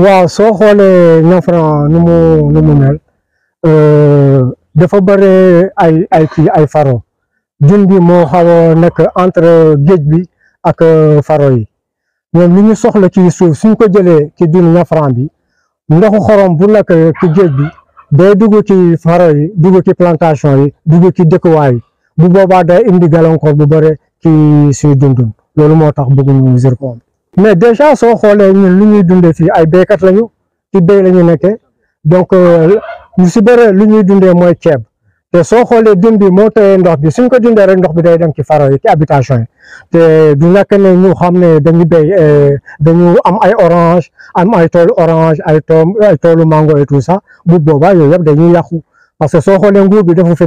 waaw soo xoolee Niang Franc mu nu mu mel euh, dafa bëre ay ay kii ay faro jun bi moo xaw a nekk entre géej bi ak euh, faro yi ñoom li ñu soxla ki suuf suñ ko jëlee ci jun Niang bi ndoxu xorom bu nekk ci géej bi day dugg ci faro yi dugg ci plantation yi dugg ci dëkkuwaay bu boobaa day indi gàllankoor bu bëre ci suy dundum loolu moo tax bëgguñu zircon bi mais déjà so xolé ñun lu ñuy ay baykat lañu ci bay la ñu donc ñu euh, si bëre lu ñuy dundee mooy ceeb te soo dund bi mo tayé ndox bi suñ ko dundé rek ndox bi day dem ci faro yi ci habitation yi du ñu xamné euh, dañu am ay orange am ay orange ay mango et tout ça bu boba dañuy parce que nguur bi dafa fi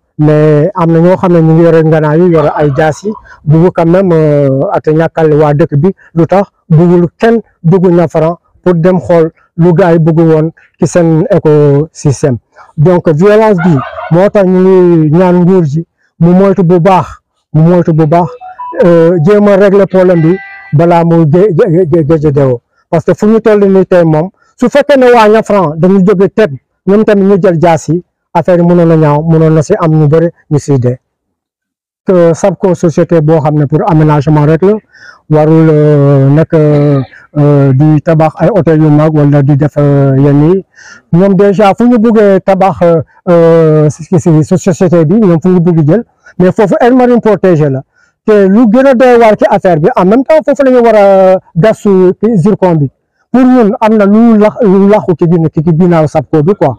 mais am na ñoo xam ne ñu ngi yore yu yore ay jaas yi bugg quand même ak ñàkkal waa dëkk bi lu tax buggul kenn dugg Niafara pour dem xool lu gars yi bugg woon ci seen écosystème donc violence bi moo tax ñu ngi ñaan nguur ji mu moytu bu baax mu moytu bu baax euh, jéem a régler problème bi balaa mu gëj parce que fu ñu toll nii su fekkee ne waa Niafara dañu jóge teg ñoom ñu jël jaas yi affaire yi mënoon na ñaaw mënoon na si am ñu bëri ñu siy dee te SAPCO société boo xam ne pour aménagement rek la warul euh, nag euh, di tabax ay hôtel yu mag wala di def euh, yenn yi ñoom déjà fu ñu buggee tabax si société bi ñoom fu ñu bugg jël mais foofu aire marine la te lu gën a doy waar ci affaire bi en même temps foofu la ñu a gasu zircon bi pour ñun am na lu lax ki laxu ci ginnaaw SAPCO bi quoi.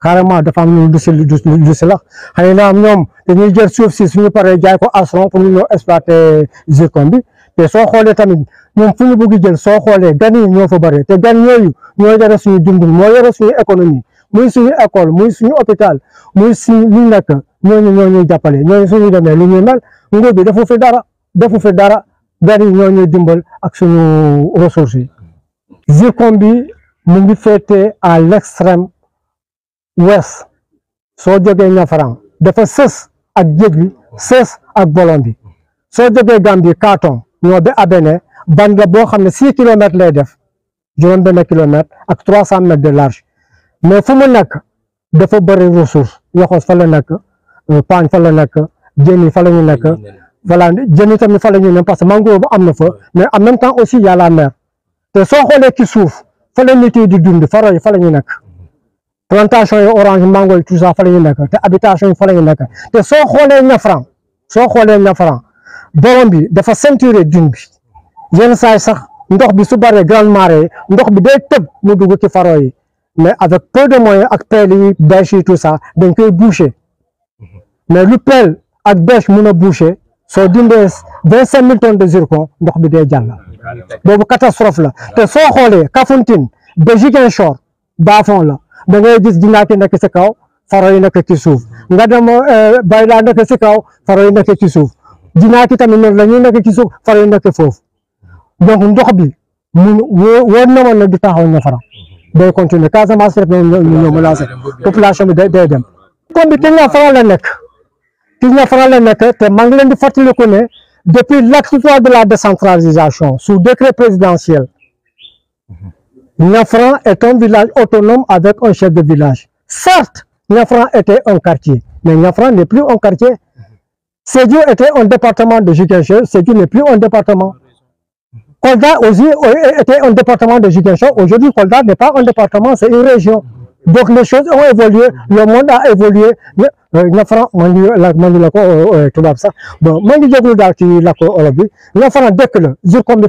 carrément dafa am lu du du si la xëy na ñoom dañuy jël suuf si suñu paree jaay ko Arsenal pour ñu ñoo exploiter zircon bi te soo xoolee tamit ñoom fu ñu bëgg jël soo xoolee gan yi ñoo fa baree te gan yooyu ñoo yore suñu dund moo yore suñu économie muy suñu école muy suñu hôpital muy suñu ñu nekk ñooñu ñoo ñuy jàppale ñooñu suñu demee lu ñuy mel nguur bi defu fi dara defu fi dara gan yi ñoo ñuy dimbal ak suñu ressources yi zircon bi mu ngi a à l'extrême wees soo jógee ñafaraan dafa sës ak géej bi ak bolon bi soo jógee Gambie Kartong ñoo ba Abéné bande boo xam ne six kilomètres lay def juróom benn kilomètre ak trois cent mètres de large mais fu mu nekk dafa bëri ressource yoxoos fa la nekk euh, paañ fa la nekk jën yi fa la ñu nekk voilà jën yi tamit fa la ñu nekk parce que mangrove bu am na fa mais en même temps aussi y la mer te soo xoolee ci suuf fa la nit di dund faro yi fa la ñu nekk plantation yi orange mango yi tout ça fa la ñu nekk te habitation yi fa la ñu te soo xoolee ñafran soo xoolee ñafran borom bi dafa ceinturé dune bi yenn saay sax ndox bi su baree grande marée ndox bi day tëb mu dugg ci faro yi mais avec peu de moyens ak pelle yi bêche yi tout ça dañ koy boucher mais lu pelle ak bêche mun a boucher soo dindee vingt cinq mille tonnes de zircon ndox bi day jàll boobu catastrophe la te soo xoolee Kafountine ba Ziguinchor baafon la da ngay gis jinaak yi nekk si kaw faro yi nekk ci suuf nga dem eh, bay nekk si kaw faro yi nekk ci suuf jinaak yi tamit noonu la ñuy nekk ci suuf faro yi nekk foofu donc ndox bi mun wóor na woon na taxaw ñu fara day continuer Casamance rek ñu ñoo menacé population bi day day dem. comme bi Tigna Fara la nekk Tigna Fara la nekk te maa ngi leen di fàttaliku ne depuis l'acte trois de la décentralisation sous décret présidentiel. Mhm. Niafran est un village autonome avec un chef de village. Certes, Niafran était un quartier, mais Niafran n'est plus un quartier. Sédio était un département de Jugensho, Sédio n'est plus un département. Kolda aussi était un département de Jugensho, aujourd'hui Kolda n'est pas un département, c'est une région. Donc les choses ont évolué, le monde a évolué. Euh, Niafran, Mani Lako, tout ça. Bon, Mani Djogou qui l'a Niafran, dès que le, jour comme il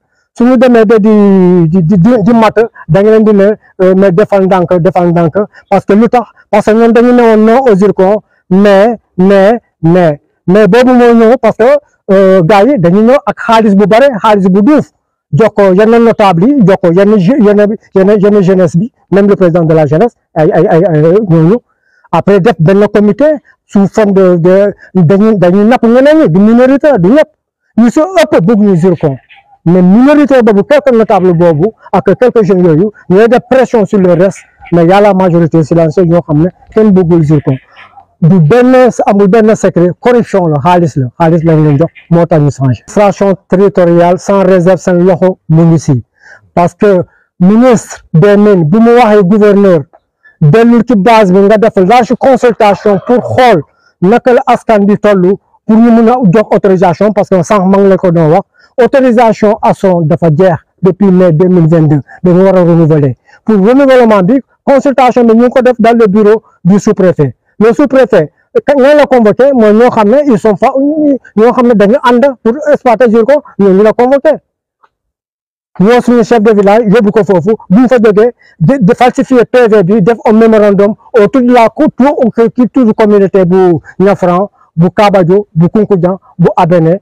su ñu demee ba di di di mat da ngeen di ne euh, mais defal ndànk defal ndànk parce que lu tax parce que ñoom dañu newoon non au zircon mais mais mais mais boobu moo ñëw parce que euh, gars yi dañu ñëw ak xaalis bu bare xaalis bu duuf jox ko yenn notable yi jox ko yenn yenn yenn jeunesse bi même le président de la jeunesse ay ay ay ay ñooñu après def benn comité sous forme de de dañuy dañuy napp ñeneen ñi minorité, minoritaire du ñëpp ñu si ëpp bëgg ñu mais minorité bobu quelques notables bobu ak quelques jeunes yoyu ñooy def pression sur le reste mais y a la majorité silencieuse ñoo xam ken bëggul zircon du benn amul benn secret corruption la xaalis la xaalis lañ leen jox mo tax ñu changé. administration territoriale sans réserve sans loxo mu ngi parce que ministre des mines bi mu waxee gouverneur dellul ci base bi nga def large consultation pour xool nakal askan bi tollu pour ñu mëna jox autorisation parce que sans maa la ko do wax autorisation son dafa jeex depuis mai 2022 de war renouveler pour renouvellement bi consultation bi ñu ngi dans le bureau du sous-préfet le sous-préfet nous la convoqué nous ñoo ils sont pas, ñoo xam ne dañu pour exploiter jur ko ñooñu la convoqué ñoo le chef de village je ko foofu bu de fa jógee de falsifier PV bi def un mémorandum autour de la culture communauté de Niafran de Kabadjo, de Kunkudian bu Abené.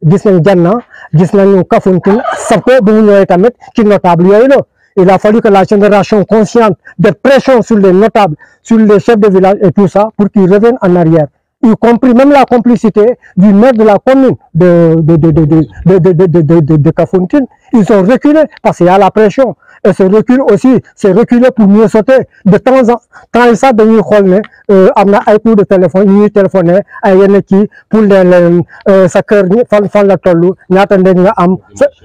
il a fallu que la génération consciente de pression sur les notables sur les chefs de village et tout ça pour qu'ils reviennent en arrière y compris même la complicité du maire de la commune de, de, de, de de de de de Cafontine. Ils ont reculé parce qu'il y a la pression. Et ce recul aussi, c'est reculer pour mieux sauter. De temps en temps, ça dañuy xool ne on a un coups de téléphone ils ñuy à Yannick pour les, euh, sa cœur, fan la tolou, ñaata attendait nga am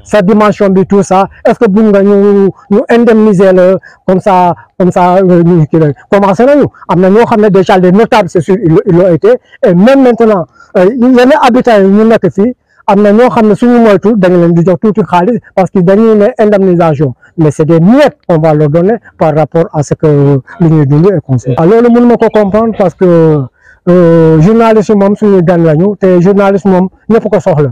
sa dimension de tout ça est-ce que vous nous ñu indemniser comme ça comme ça ñu ça la ça, déjà les notables c'est sûr ils l'ont été et même maintenant il y habitants yi habitants qui sont. am na ñoo xam ne suñu moytu dañ leen di jox tuuti xaalis parce que dañuy ne indemnisation mais c'est des miettes on va leur donner par rapport à ce que li ñuy dund et conseil loolu mën ma ko comprendre parce que euh, journaliste moom suñu gan lañu te journaliste moom ñëpp ko soxla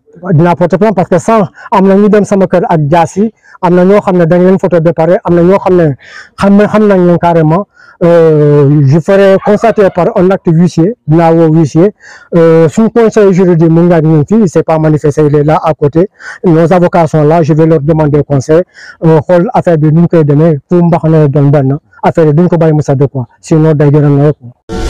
dina porter plainte parce que ça amna ñu dem sama kër ak jaas amna am xamné ñoo xam dañ leen photo de amna am xamné ñoo xam ne xam xam nañ leen carrément euh, je ferai constater par un acte huissier dina wo huissier euh suñu conseil juridique mon gars ak fi c'est pas manifesté il est là à côté nos avocats sont là je vais leur demander conseil euh xool affaire bi nu ñu koy demee pour mbax na doon benn affaire yi duñ ko bàyyi mu de quoi sinon day jëral na nooy quoi